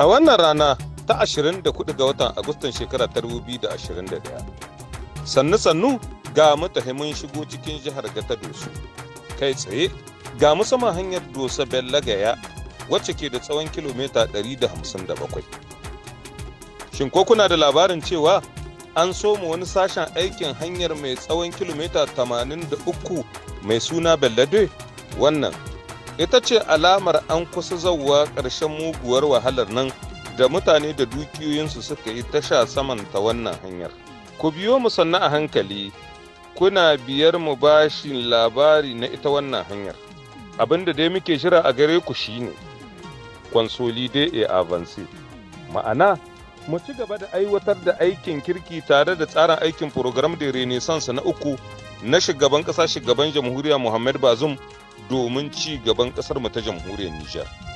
A wannan rana ta 24 ga watan Agustan shekara ta 2021. Sannu-sannu ga mutahimin shigo cikin jihar Gata Dosu. Kai tsaye ga sama hanyar Dosa Bella Gaya wacce ke da tsawon kilomita 157. Shin ko kuna da labarin cewa an soma wani sashen aikin hanyar mai tsawon kilomita 83 mai suna Bellade? Wannan ita ce alamar an kusa zauwa ƙarshen muguwar wahalar nan da mutane da dukiyoyinsu suka yi tasha saman ta wannan hanyar ku biyo mu sannu a hankali kuna biyar mu bashin labari na ita wannan hanyar abin dai muke shira a gare ku shine consolide a avance ma'ana mu ci gaba da aiwatar da aikin kirki tare da tsarin aikin program da renaissance na uku na shugaban ƙasa shugaban jamhuriya muhammad bazum domin ci gaban ƙasarmu ta jamhuriyar Nijar.